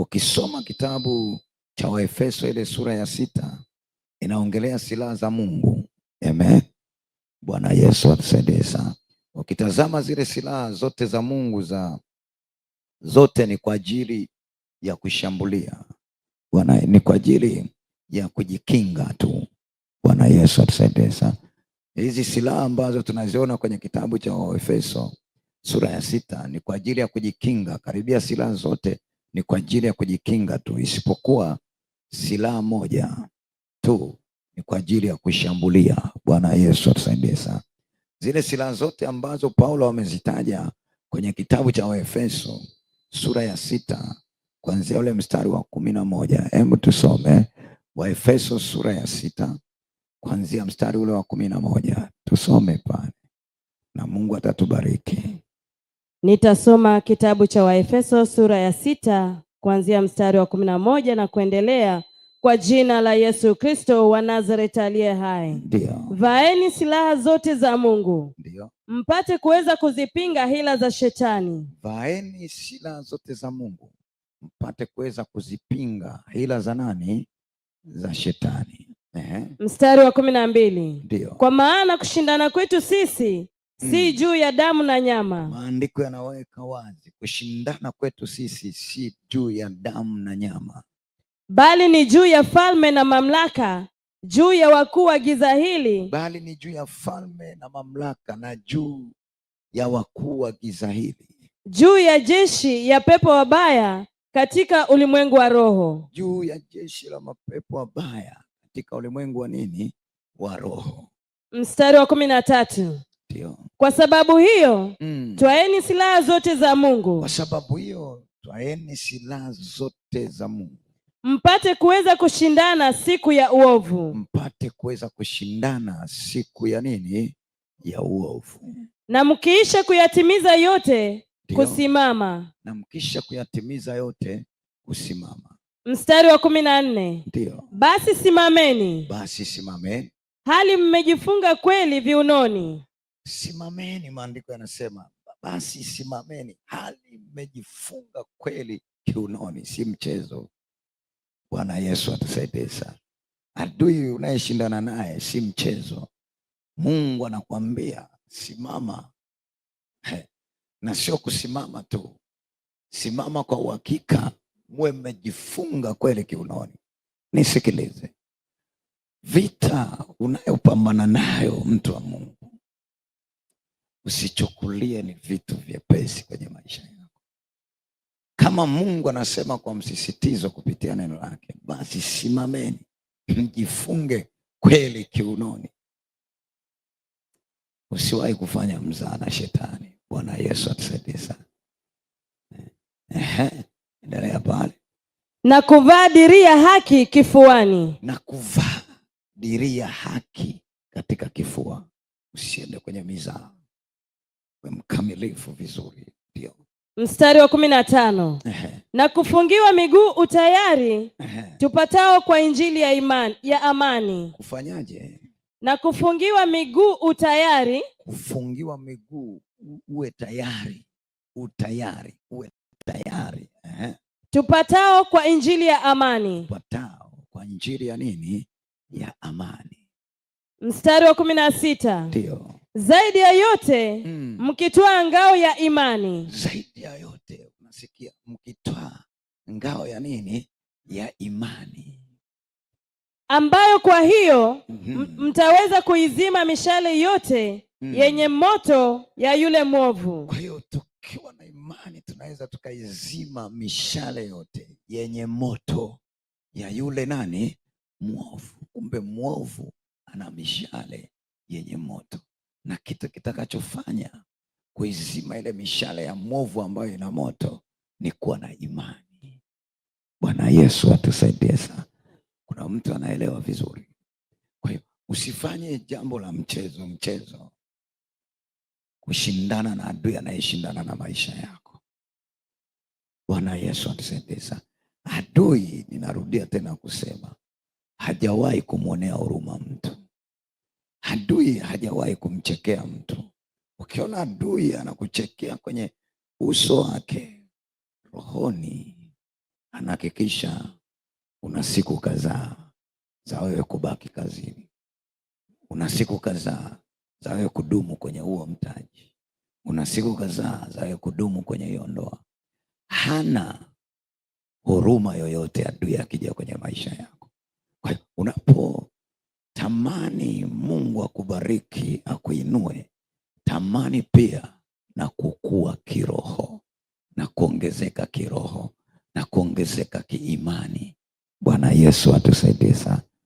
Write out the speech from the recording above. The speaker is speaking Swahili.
Ukisoma kitabu cha Waefeso ile sura ya sita inaongelea silaha za Mungu. Amen. Bwana Yesu atusaidie sana. Ukitazama zile silaha zote za Mungu za zote ni kwa ajili ya kushambulia Bwana, ni kwa ajili ya kujikinga tu. Bwana Yesu atusaidie sana. Hizi silaha ambazo tunaziona kwenye kitabu cha Waefeso sura ya sita ni kwa ajili ya kujikinga, karibia silaha zote ni kwa ajili ya kujikinga tu, isipokuwa silaha moja tu ni kwa ajili ya kushambulia. Bwana Yesu atusaidie sana. Zile silaha zote ambazo Paulo amezitaja kwenye kitabu cha Waefeso sura ya sita kuanzia ule mstari wa kumi na moja. Hebu tusome Waefeso sura ya sita kuanzia mstari ule wa kumi na moja, tusome pale na Mungu atatubariki. Nitasoma kitabu cha Waefeso sura ya sita kuanzia mstari wa kumi na moja na kuendelea. Kwa jina la Yesu Kristo wa Nazareti aliye hai, ndio vaeni silaha zote za Mungu, ndio mpate kuweza kuzipinga hila za Shetani. Vaeni silaha zote za Mungu, mpate kuweza kuzipinga hila za nani? Za Shetani. Ehe. Mstari wa kumi na mbili, ndio kwa maana kushindana kwetu sisi si mm. juu ya damu na nyama. Maandiko yanaweka wazi kushindana kwetu sisi si juu ya damu na nyama, bali ni juu ya falme na mamlaka, juu ya wakuu wa giza hili, bali ni juu ya falme na mamlaka, na juu ya wakuu wa giza hili, juu ya jeshi ya pepo wabaya katika ulimwengu wa roho, juu ya jeshi la mapepo wabaya katika ulimwengu wa nini? Wa roho. Mstari wa kumi na tatu ndio. Kwa sababu hiyo mm. twaeni silaha zote za Mungu. Kwa sababu hiyo twaeni silaha zote za Mungu mpate kuweza kushindana siku ya uovu, mpate kuweza kushindana siku ya nini? Ya uovu. Na mkiisha kuyatimiza yote Dio. kusimama. Na mkiisha kuyatimiza yote kusimama. Mstari wa kumi na nne. Ndio. Basi simameni, basi simameni, hali mmejifunga kweli viunoni Simameni, maandiko yanasema basi simameni, hali mmejifunga kweli kiunoni. Si mchezo. Bwana Yesu atusaidie sana. Adui unayeshindana naye si mchezo. Mungu anakuambia simama. He, na sio kusimama tu, simama kwa uhakika, muwe mmejifunga kweli kiunoni. Nisikilize, vita unayopambana nayo mtu wa Mungu Usichukulie ni vitu vyepesi kwenye maisha yako. Kama Mungu anasema kwa msisitizo kupitia neno lake, basi simameni, mjifunge kweli kiunoni. Usiwahi kufanya mzaa na shetani. Bwana Yesu atusaidie sana. endelea pale. Na kuvaa diria haki kifuani, na kuvaa diria haki katika kifua. Usiende kwenye mizaa mkamilifu vizuri. Ndio mstari wa kumi na tano na kufungiwa miguu utayari tupatao kwa injili ya imani, ya amani. Kufanyaje? na kufungiwa miguu utayari, kufungiwa miguu, uwe tayari, utayari, uwe tayari Aha. tupatao kwa injili ya amani, tupatao kwa injili ya nini? Ya amani. Mstari wa kumi na sita ndio zaidi ya yote mm. mkitwaa ngao ya imani. Zaidi ya yote unasikia, mkitwaa ngao ya nini? Ya imani, ambayo kwa hiyo mm -hmm. mtaweza kuizima mishale yote mm. yenye moto ya yule mwovu. Kwa hiyo tukiwa na imani tunaweza tukaizima mishale yote yenye moto ya yule nani? Mwovu. Kumbe mwovu ana mishale yenye moto na kitu kitakachofanya kuizima ile mishale ya mwovu ambayo ina moto ni kuwa na imani. Bwana Yesu atusaidie sana. Kuna mtu anaelewa vizuri. Kwa hiyo usifanye jambo la mchezo mchezo, kushindana na adui anayeshindana na maisha yako. Bwana Yesu atusaidie sana. Adui, ninarudia tena kusema, hajawahi kumwonea huruma mtu. Adui hajawahi kumchekea mtu. Ukiona adui anakuchekea kwenye uso wake, rohoni anahakikisha una siku kadhaa za wewe kubaki kazini, una siku kadhaa za wewe kudumu kwenye huo mtaji, una siku kadhaa za wewe kudumu kwenye hiyo ndoa. Hana huruma yoyote adui akija kwenye maisha yako. Kwa hiyo unapo tamani Mungu akubariki akuinue. Tamani pia na kukua kiroho na kuongezeka kiroho na kuongezeka kiimani. Bwana Yesu atusaidie sana.